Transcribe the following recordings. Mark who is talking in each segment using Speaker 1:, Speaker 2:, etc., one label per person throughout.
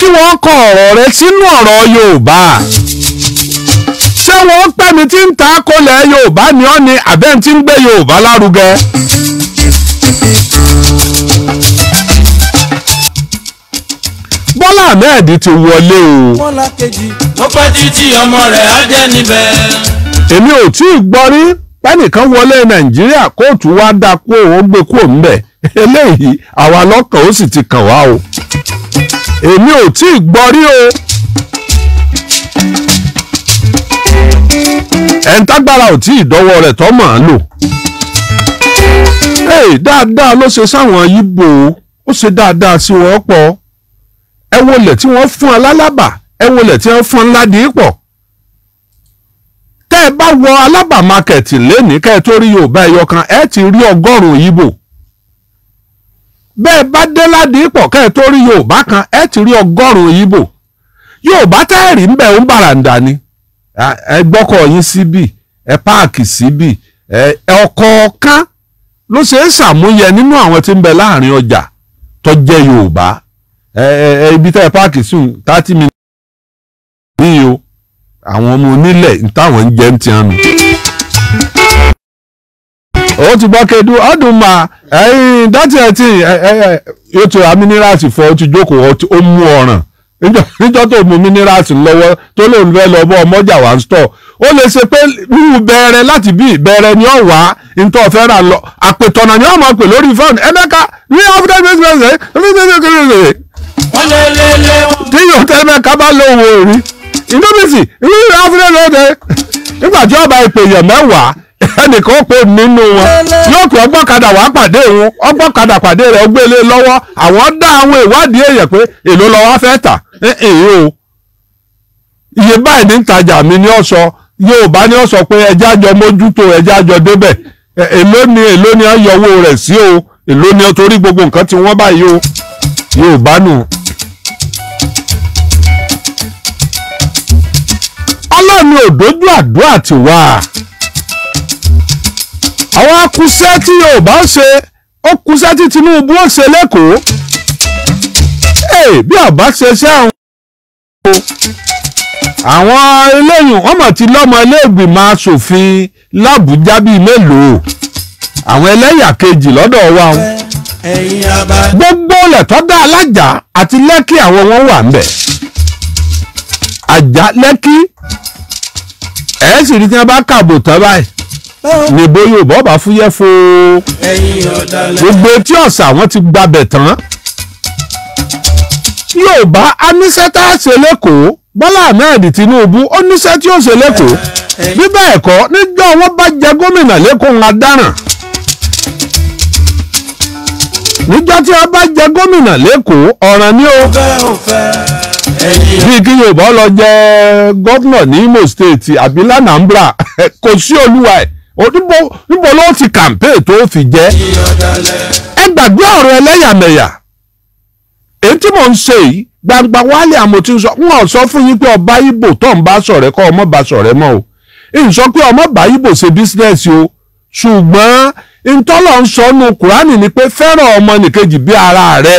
Speaker 1: kí wọ́n kọ ọ̀rọ̀ rẹ sínú ọ̀rọ̀ Yorùbá ṣé wọ́n pẹ́ mi tí ń ta kọlẹ̀ Yorùbá ni ọ́ ni àbẹ́ tí ń gbé Yorùbá lárugẹ. Bọ́lá Ahmed ti wọlé o. Bọ́lá kejì ó pẹ́ tí ọmọ rẹ̀ á jẹ́ níbẹ̀. èmi ò tí ì gbọ́ rí pẹ́nìkan wọlé Nàìjíríà kóòtù wá dáa kó òun gbé kúò bẹ̀ eléyìí àwa lọ́kàn ó sì ti kàn wá o. èmi ò tí ì gbọ́ rí o. ẹ̀ńtágbára ò tí ì dọ́wọ́ rẹ̀ tọ́ màá lò. ee dáadáa ló ṣe sáwọn yíbo ó ṣe dáadáa sí wọn pọ̀ ẹ wọlé tí wọ́n fún alálábà ẹ wọlé tí wọ́n fún aládìí pọ̀ tẹ́ ẹ bá wọ alábà market lẹ́nìí kẹ́ ẹ tó rí yorùbá ẹyọ kan ẹ ti rí ọgọ́rùn-ún yíbo bẹ́ẹ̀ bá dé ládìí pọ̀ kẹ́ ẹ rí yorùbá kan ẹ ti rí ọgọ́rùn-ún ìbò yorùbá tá ẹ rí ń bẹ̀ ń bàràǹdà ni ẹ gbọ́kọ̀ yín síbì ẹ páàkì síbì ẹ ọ̀kọ̀ọ̀kan ló ṣe é ṣàmúyẹ nínú àwọn tí ń bẹ láàrin ọjà tó jẹ́ yorùbá ẹ ibi tẹ́ ẹ páàkì sùn thirty minutes ní o àwọn ọmọ onílẹ̀ ní táwọn ń jẹ́ ń tiẹ̀ nù. o ti gbọ́ kedu ọdún mà ẹyin dọ́tí ẹtì yóò ra fọ ó jókòó ó mú ọ̀ràn níjọ́ tó mú minerals lọ́wọ́ tó lọ ọmọjà wà ń ó lè ṣe pé wíwú láti bí ni ó wà nítorí ọ̀fẹ́ rà lọ ni ó lórí fọ́ọ̀nù ẹ̀mẹ́ka ní ọba ẹnìkan ó pè nínú wọn yóò pé ọgbọ́kadà wàá pàdé wọn ọgbọ́kadà pàdé rẹ̀ ọgbélé e lọ́wọ́ àwọn dá àwọn ìwádìí èèyàn pé èló lọ́wọ́ fẹ́ tà iye báyìí ní mi ní ó yóò bá ní pé ẹja jọ ni èló ni o èló ni gbogbo nǹkan tí wọ́n nù. àwọn akusẹ́ tí Yorùbá ń ṣe ó kusẹ́ tí Tinubu ń ṣe lẹ́kọ̀ọ́ ee bí àbá ṣe ṣe àwọn àwọn eléyìí wọ́n mọ̀ tí lọ́mọ iléègbìmọ̀ asòfin làbújá bíi mélòó àwọn ẹlẹ́yà kejì lọ́dọ̀ wa wọn gbogbo lẹ̀tọ́ dá alájà àti lẹ́kì àwọn wọn wà ń bẹ̀ àjà lẹ́kì ẹ̀ sì rí tí wọ́n bá kàbò tán báyìí níbo yorùbá ọba fúyẹ́ fo gbogbo etí ọ̀sà wọn ti gbabẹ̀ tán yorùbá aníṣẹ́ tá a ṣe lẹ́kọ̀ọ́ bọ́lá ahmed tinubu ó níṣẹ́ tí ó ṣe lẹ́kọ̀ọ́ bí bẹ́ẹ̀ kọ́ níjọ́ wọn bá jẹ gómìnà lẹ́kọ̀ọ́ ńlá dáràn níjọ́ tí wọ́n bá jẹ gómìnà lẹ́kọ̀ọ́ ọ̀ràn ni ó bí kí yorùbá lọ jẹ gómìnà ní imo state àbí lanambra kò sí olúwa ẹ̀. níbo ló ti campaign tó fi jẹ́ ẹ gbàgbé ọ̀rọ̀ ẹlẹ́yàmẹ̀yà èyí tí mò ń ṣe yìí gbangba wálé àmọ́ tí ń sọ wọn sọ fún yín pé ọba ibo tó ń bá ṣọ̀rẹ́ kọ́ ọmọ bá ṣọ̀rẹ́ mọ́ o ń sọ pé ọmọ bá ibo ṣe bísínẹ́sì o ṣùgbọ́n ntọ́lọ̀ ń sọ nu kùránì ni pé fẹ́ràn ọmọnìkejì bí ara rẹ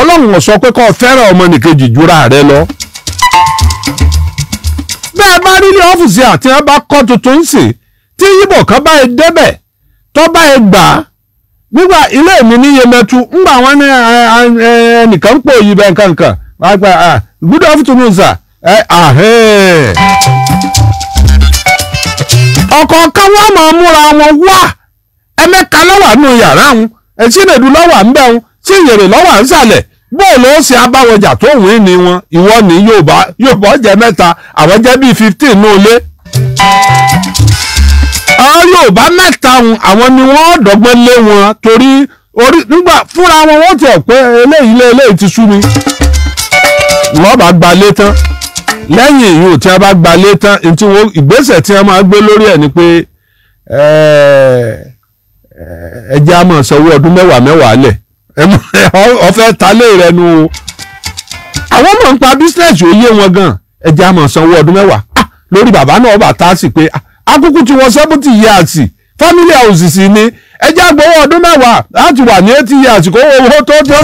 Speaker 1: ọlọ́run sọ pé kọ́ fẹ́ràn ọmọnìkejì jura rẹ lọ. bẹ́ẹ̀ bá rí ní ọ́fíìsì àti ẹ bá kọ́ tuntun ń sìn tí yíbò kan báyìí débẹ̀ tó báyìí gbà á nígbà ilé mi ní Yemẹtu ńgbà wọn ní ẹnìkan pò yí bẹ kankan wàá gba good of ẹ ahẹ́n. ọ̀kọ̀ọ̀kan wọn máa múra wọn wá lọ́wọ́ àánú yàrá wọn ẹ̀sìnèdú lọ́wọ́ wọn ìyèrè lọ́wọ́ ṣe abáwọjà tó wìn ní wọn ìwọ fifteen ní àwọn Yorùbá mẹ́ta àwọn ni wọ́n dọ́gbọ́n lé wọn torí orí nígbà fúnra wọn wọ́n tẹ̀ pé eléyìí lé eléyìí ti sú mi lọ́ọ̀bà gbalé tán lẹ́yìn èyí ò tí a bá gbalé tán ntí wọ́n ìgbésẹ̀ tí a máa gbé lórí ẹ̀ ni pé ẹjẹ́ a máa sanwó ọdún mẹ́wàá mẹ́wàá lẹ̀ ọ̀fẹ́ talé rẹ nu o àwọn máa ń pa bísíǹsì ó yé wọn gan ẹjẹ́ a máa sanwó ọdún mẹ́wàá ah, lórí bàbá náà bàtà sí pé ah akúkú ti wọ seventy years family house sì ni ẹjẹ́ agbowó ọdún mẹ́wàá láti wà ní eighty years kó owó tó tó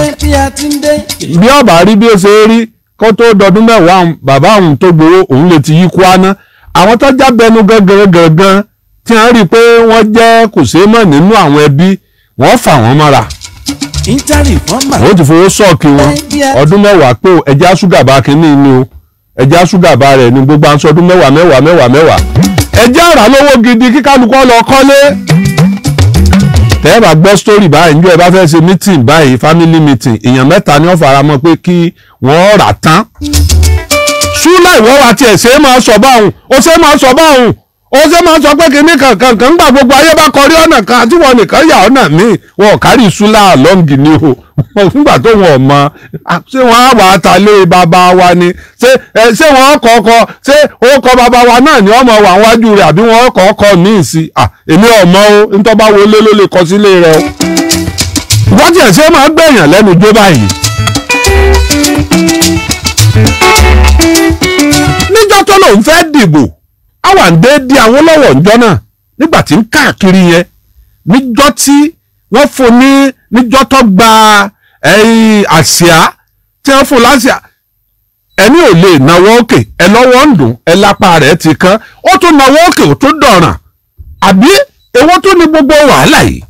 Speaker 1: bí ọba rí bí ó ṣe rí kó tó dọdún mẹ́wàá bàbá òun tó gbowó òun lè ti yí kwaná àwọn tó jábẹnu gangan gangan tí wọ́n rí i pé wọ́n jẹ́ kò ṣeé mọ̀ nínú àwọn ẹbí wọ́n fà wọ́n mọ́ra àwọn ti fowó sọ́ọ̀kì wọn ọdún mẹ́wàá pé ẹja ṣúgà bá kínní ni o ẹja ṣúgà bá rẹ̀ ni gbogbo à ń sọ ọdún mẹ́wàá mẹ́wàá mẹ́wàá mẹ́wàá ẹ jẹ́ àrà lówó gidi kí kálukú lọ kọ́lé tẹ́ ẹ bá gbọ́ sítórì báyìí níjọ́ ẹ bá fẹ́ ṣe mítìn báyìí fámílì mítìn èèyàn mẹ́ta ni wọ́n fara mọ́ pé kí wọ́n rà tán ṣúlá ìwọ́ra tiẹ̀ ṣe é máa sọ báhùn ó ṣe é máa sọ báhùn ó ṣe máa sọ pé kinní kankan kan gbà gbogbo ayé bá kọrí ọ̀nà kan àti wọn nìkan yà ọ̀nà míì wọn ò kárí ìṣúlá àlọ́ǹgì ni o nígbà tó wọn ò mọ ṣé wọn á wà á ta lé bàbá wa ni ṣé ṣé wọn kọ ọkọ ṣé ó kọ bàbá wa náà ni ọmọ wa wájú rẹ àbí wọn kọ ọkọ míì sí i èmi ọmọ o nítorí bá wọlé ló lè kọ sílé rẹ o. wọ́n tiẹ̀ ṣe máa gbẹ̀yàn lẹ́nu jó báyìí níjọ́ tó lòun fẹ́ dìbò a wà ń déédé Awólọ́wọ̀ ńjọ́ náà nígbà tí ń káàkiri yẹn níjọ́ tí wọ́n fún ní níjọ́ tó gba àsíá tí wọ́n fún láṣíá ẹni ò lè nawọ́ òkè ẹ lọ́wọ́ ń dùn ẹ lápá rẹ̀ ti kán ó tún nawọ́ òkè ó tún dọ̀ràn àbí èwo tó ní gbogbo wàhálà yìí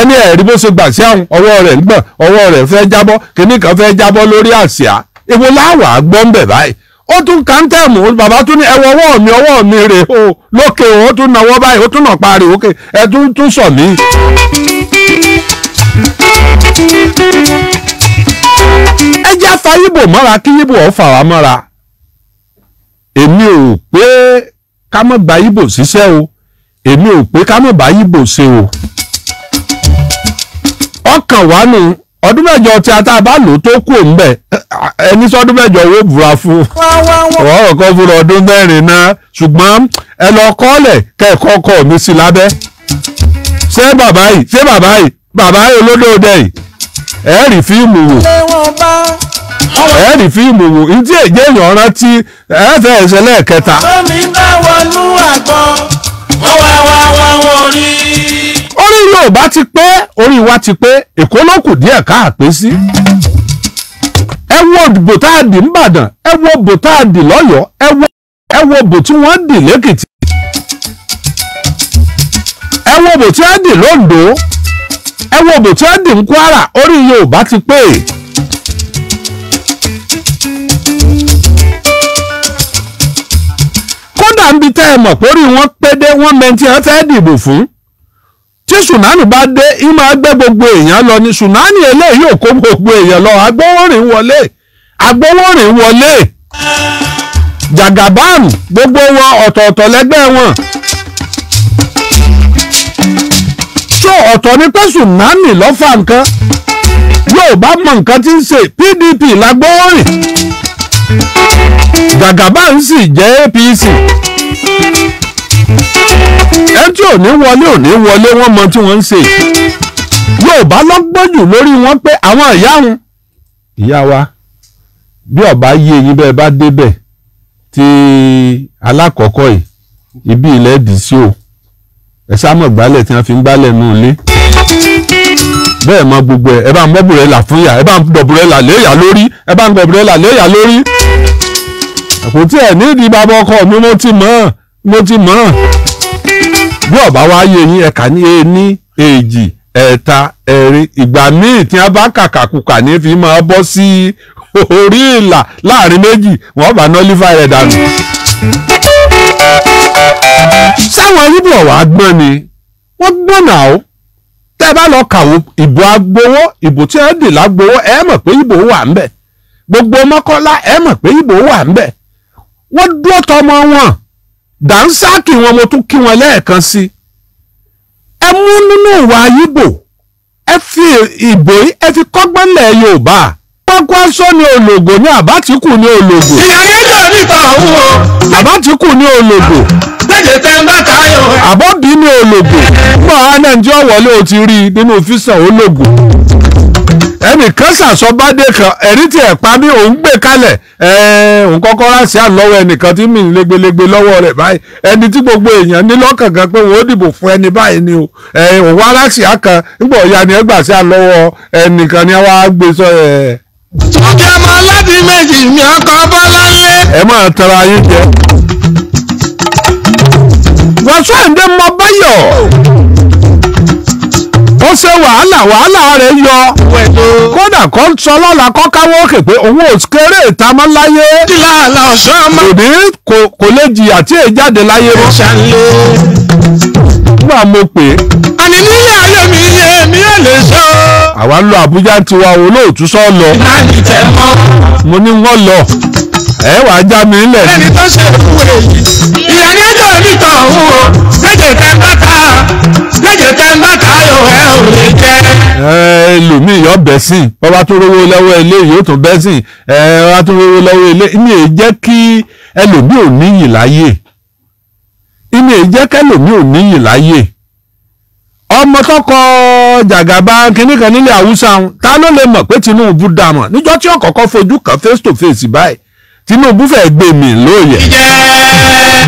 Speaker 1: ẹni ẹ̀rí bó ṣe gbà sí àwọn ọwọ́ rẹ̀ ń gbọ̀n ọwọ́ rẹ̀ fẹ́ jábọ́ kìnnìkan fẹ́ jábọ́ lórí àsíá èwo láwàá gbọ́ ń bẹ̀ báyìí ó tún kàńtẹ̀mù bàbá tún ní ẹwọ ọwọ́ mi ọwọ́ mi rè o lókè o ó tún náwó báyìí ó tún nà parí òkè ẹ tún tún sọ mí. ẹ jẹ́ afa yíbò mọ́ra kí yíbò ọ̀ fà wá mọ́ra èmi ò pé ká mọ̀ gba yíbò ṣiṣẹ́ o èmi ò pé ká mọ̀ bá yíbò ṣe o ọkàn wa nù. ọdún mẹ́jọ tí a tá a bá lò tó kù ńbẹ ẹni sọdún mẹ́jọ owó búra fún ọ̀rọ̀ kan fún ọdún mẹ́rin náà ṣùgbọ́n ẹ lọ kọ́lẹ̀ kẹ́ẹ̀kọ́ kọ́ mi sí lábẹ́ ṣé bàbá yìí ṣé bàbá yìí bàbá yìí olódòdó yìí ẹ rí fíìmù wò ẹ rí fíìmù wò ní èjì èèyàn rántí ẹ fẹ́ ẹsẹ̀ lẹ́ẹ̀kẹta. omi bá wọnú àgbọn wọ́n wá wá wọ́n wọ́n rí i. orí Yorùbá ti pé orí wa ti pé Èkó ló kù díẹ̀ káàpé sí ẹ wo òdìbò tá ẹ wo lọ́yọ̀ọ́ ẹ wo tí wọ́n dì lẹ́kìtì ẹ wo tí wọ́n dì ẹ tí wọ́n orí Yorùbá ti pé. kódà ń bi tẹ́ ẹ mọ̀ pé orí wọn pé dé wọ́n mẹ́ntì tí tsunami bá dé í máa gbé gbogbo èèyàn lọ ni tsunami eléyìí yóò kó gbogbo èèyàn lọ agbọ́wọ́rìn wọlé agbowórin wọlé jagaban gbogbo wọn ọ̀tọ̀ọ̀tọ̀ lẹ́gbẹ́ wọn. so ọ̀tọ̀ ni pé tsunami ló fa nǹkan yóò bá mọ nǹkan tí ń ṣe PDP lágbowórin jagaban sì jẹ́ APC. àwọn tí ò ní wọlé ò ní wọlé wọ́n mọ tí wọ́n ń ṣe Yorùbá lọ́gbọ́n jù lórí wọn pé àwọn ìyá wọn. ìyá wa bí ọba yé eyín bẹ́ẹ̀ bá débẹ̀ tí alákọ̀ọ́kọ́ yìí ibi ilẹ̀ dì sí o ẹ sáàmọ̀ gbálẹ̀ tí wọ́n fi ń gbálẹ̀ nù ilé bẹ́ẹ̀ mọ gbogbo ẹ̀ ẹ bá ń bọ́ bùrẹ́là fún yà ẹ bá ń dọ̀bùrẹ́là léyà lórí ẹ bá ń dọ̀bùrẹ́là léyà lórí kò tí ẹ̀ nídìí bàbá ọkọ mi mo ti mọ̀ mo ti mọ̀. bí ọba wa yé yín ẹka ní ení èjì ẹ̀ta ẹ̀rin ìgbà míì tí a bá kàkàkùkà ní fi máa bọ́ sí orí ìlà láàrin méjì wọ́n bá nọ́lífà rẹ̀ dànù. sáwọn yíbò ọ̀wá gbọ́n ni wọ́n gbọ́n náà ó tẹ́ ẹ bá lọ kàwọ́ ìbò agbowó ìbò tí ẹ dì lágbowó ẹ mọ̀ pé ìbò wà ń bẹ̀ gbogbo mọ́kọ́lá ẹ mọ̀ pé ìbò wà ń bẹ̀ wọ́n dúró tọmọ wọn. dànsáàkì wọn mo tún kí wọn lẹ́ẹ̀kan sí i ẹ mú nínú ìwà ẹ fi ìbò ẹ fi yorùbá ni ológo ní àbátíkù ní ológo. ìyàrá ìjọ níta ní ológo. tẹ̀lé ń bá tayo. ológo. á nàìjíríà wọlé o ti rí nínú ológo. ẹnìkan ṣàsọ̀bádé kan ẹ̀rí tí ẹ̀ pa mí òun gbé kalẹ̀ òun kọ́kọ́ ráṣí àlọ́wọ́ ẹnìkan tí mi legbelegbe lọ́wọ́ rẹ̀ báyìí ẹni tí gbogbo èèyàn ní lọ́kàn gan pé wọ́n dìbò fún ẹni báyìí ni o òun wá ráṣí àkan nígbà ọ̀ya ni ẹ gbà sí àlọ́wọ́ ẹnìkan ni wọ́n á gbé sọ ẹ̀. tókè ọmọ aládìí méjì ni ọkọ̀ bọ́lá lé. ẹ máa tara yín jẹ. wọ́n sọ ṣe wàhálà wàhálà rẹ̀ yọ kódà kọ́ sọ kọ́ káwọ́ òkè pé òun ò kéré ìta mọ́ láyé òní kò lè jìyà tí èyí jáde láyé mọ́. nígbà mo pè àní nílé ayé mi yé mi ò lè sọ. àwa ń Àbújá tiwa olóòtú sọ lọ. láti tẹ mọ́. mo ní wọ́n lọ ẹ wàá já mi lẹ. ẹni tó ṣe é fún èyí. ẹlòmíì yọ bẹ́ sí i bàbá tó rówó lọ́wọ́ ilé yóò tún bẹ́ sí i ẹ bàbá tó rówó lọ́wọ́ ilé ìní èyí jẹ́ kí ẹlòmíì ò níyì láyè ìní èyí jẹ́ kẹlòmíì ò níyì láyè ọmọ tọkọ jàgàbá kínní kan nílẹ̀ haúsá ta ló lè mọ̀ pé Tinubu dà mọ̀ níjọ́ tí ó kọ́kọ́ fojú kan face to face báyìí Tinubu fẹ́ gbé mi lóye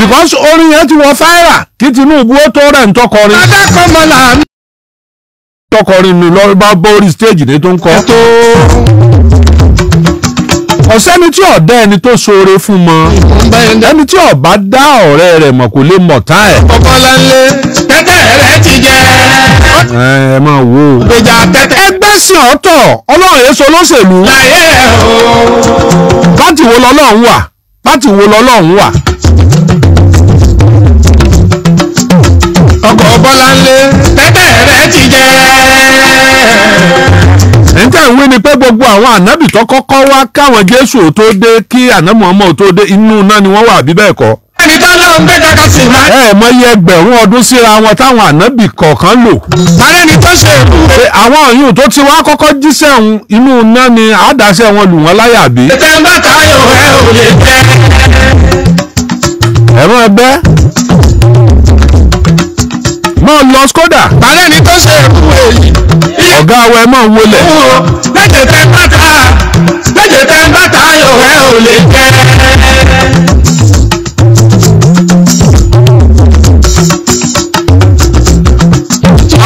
Speaker 1: because orin yẹn ti wọ fáírà kí Tinubu ó tó rẹ̀ ń tọkọrin. adákan mọ́lá mi tọkọrin nù lọ bá bórí stage ní tó ń kọ. ọ̀sẹ́ni tí ọ̀dá ẹni tó ṣoore fún mọ ẹni tí ọ̀bá dá ọ̀rẹ́ rẹ̀ mọ̀ kò lè mọ̀ tá ẹ̀. ọ̀pọ̀lọ́ ńlẹ̀ tẹ́tẹ́ rẹ̀ ti jẹ́. ẹ máa wo. ìgbèjà tẹ́tẹ́. ẹgbẹ́ sìn ọ̀tọ̀ ọlọ́run èso olóṣèlú. láyé ẹ̀ o. pátì wo lọ́lọ́run wà pátì wo lọ́lọ́run wà. ọkọ̀ bọ́lá ńlẹ̀. tá à wí ni pé gbogbo àwọn ànábì tó kọ́kọ́ káwọn Jésù ò tó dé kí ànábì ọmọ tó dé inú náà ni wọ́n wà bí bẹ́ẹ̀ kọ́. ẹni tó lọ́run kaka ẹ mọ iye ẹgbẹ̀rún ọdún síra wọn táwọn ànábì kọ̀ọ̀kan lò. ni tó ṣe àwọn ọ̀yún tó ti wá kọ́kọ́ jíṣẹ́ inú náà ni wọn lù wọ́n láyà bí. bàtà ò lè ọ̀gá wa ẹ máa ń wọlé. lẹ́jẹ̀ tẹ bàtà lẹ́jẹ̀ tẹ bàtà yọ̀wẹ́ ò lè jẹ́.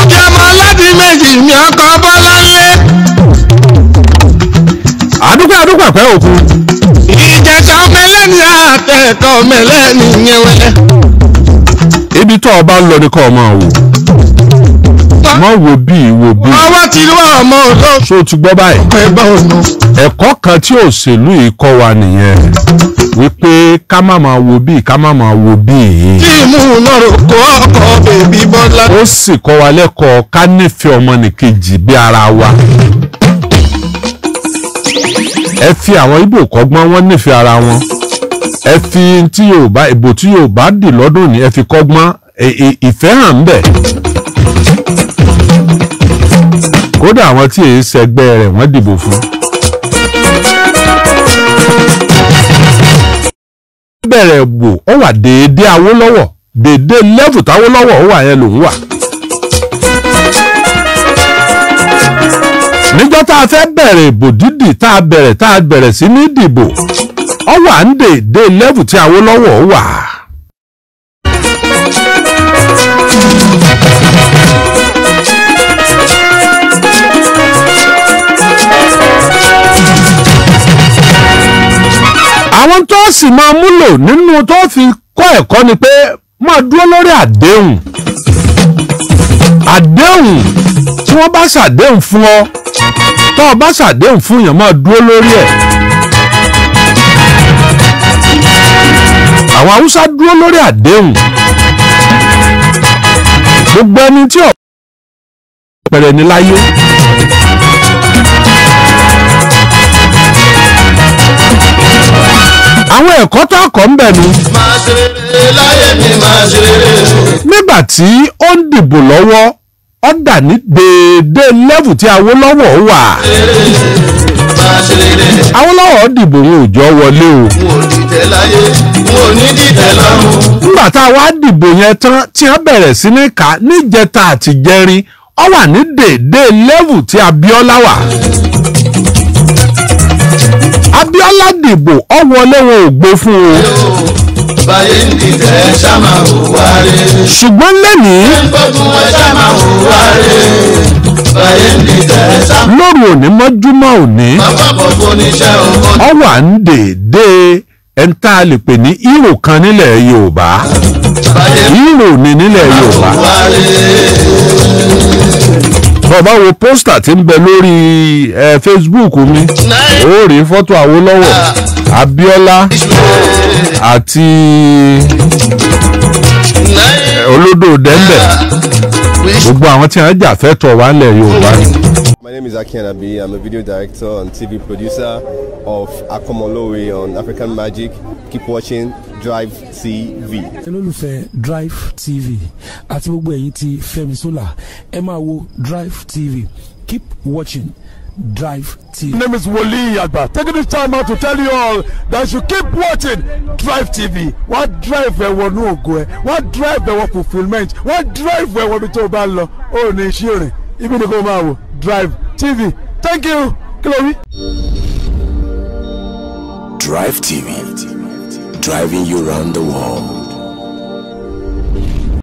Speaker 1: ọ̀gá ọmọ aládì méjì mi ọkọ̀ bọ́ láyé. àdúgbò àdúgbò àpẹ́ òkú. ìjẹta ọmọlẹ́ni àtẹ̀kọ́ ọmọlẹ́ni yẹn wẹ́lẹ́. ibi tó o bá ń lọ ni kò máa wò wá. mọ wo bí wo bí. wọ́n wá ti rí wàhán mọ́ ọ̀dọ́. so ti gbọ́ báyìí. ọkọ̀ ẹgbẹ́ ọ̀nà. ẹ̀kọ́ kan tí òṣèlú yìí kọ́ wa nìyẹn wípé ká má máa wo bí ká má máa wo bí. kí imú náà kó ọkọ̀ bèbí bọ́lá. ó sì kọ́ wa lẹ́kọ̀ọ́ ká nífẹ̀ẹ́ ọmọnìkejì bí ara wa ẹ fi àwọn Ìgbò kọ́gbọ́n wọn nífẹ̀ẹ́ ara wọn ẹ fi tí Yorùbá ìbò tí Yorùbá dì lọ́dún ni ẹ fi kọ́gbọ́n ìfẹ́ hàn ń kódà àwọn tí èyí ṣẹgbẹ́ rẹ̀ wọ́n dìbò fún. bẹ̀rẹ̀ wò ó wà déédéé Awólọ́wọ̀ déédéé lẹ́fù táwólọ́wọ̀ ó wà yẹn lòún wà. níjọ́ tá a fẹ́ bẹ̀rẹ̀ ìbò dídì tá a bẹ̀rẹ̀ tá a bẹ̀rẹ̀ sí ní dìbò ó wà ń déédéé lẹ́fù tí Awólọ́wọ̀ ó wà sì máa múlò nínú tó fi kọ́ ẹ̀kọ́ ni pé máa dúró lórí àdéhùn àdéhùn tí wọ́n bá ṣàdéhùn fún ọ tó o bá ṣàdéhùn fún yàn máa dúró lórí ẹ̀. àwọn haúsá dúró lórí àdéhùn gbogbo ẹni tí ọ̀pẹ̀rẹ̀ ní láyé. àwọn ẹ̀kọ́ tó kọ́ ń bẹ̀ nu.
Speaker 2: máa ṣe rere láyé mi máa ṣe rere.
Speaker 1: nígbà tí ó ń dìbò lọ́wọ́ ó dà ní déédé lẹ́fù tí Awólọ́wọ̀ wà. Awólọ́wọ̀ dìbò ní òjò wọlé o.
Speaker 2: mo ní dìtẹ̀ lọ́rùn.
Speaker 1: nígbà tá a wá dìbò yẹn tán tí wọ́n bẹ̀rẹ̀ sí ní kà níjẹta àtijẹrin ó wà ní déédé lẹ́fù tí Abíọ́lá wà. Abíọ́lá dìbò ọwọlé wọn ò fún o. ṣùgbọ́n lẹ́nìí. lóru òní mọ́júmọ́ òní. ń kan nílẹ̀ Yorùbá tó bá wo pósítà tí ń bẹ lórí Facebook mi ó rí fọ́tò Awólọ́wọ̀ Abíọ́lá àti olódò dẹ́mbẹ̀ gbogbo àwọn tí wọ́n jà fẹ́tọ̀ wà nílẹ̀ Yorùbá ni.
Speaker 2: My name is Aki Anabi. I'm a video director and TV producer of Akomolowe on African Magic. Keep watching Drive TV.
Speaker 1: olólùfẹ́ Drive TV àti gbogbo ẹ̀yin tí Fẹ́mi Sola ẹ máa wo Drive TV keep watching Drive TV. My name is Wole Agba. Taking this time out to tell you all that you keep watching Drive TV. What drive ẹ̀wọ̀ ní ògo ẹ̀, What drive ẹ̀wọ̀ fulfilment, What drive ẹ̀wọ̀ bí tó o bá lọ, ó ní iṣẹ́ ibi ni kò máa wò. Drive TV. Thank you, Chloe.
Speaker 2: Drive TV. Driving you around the world.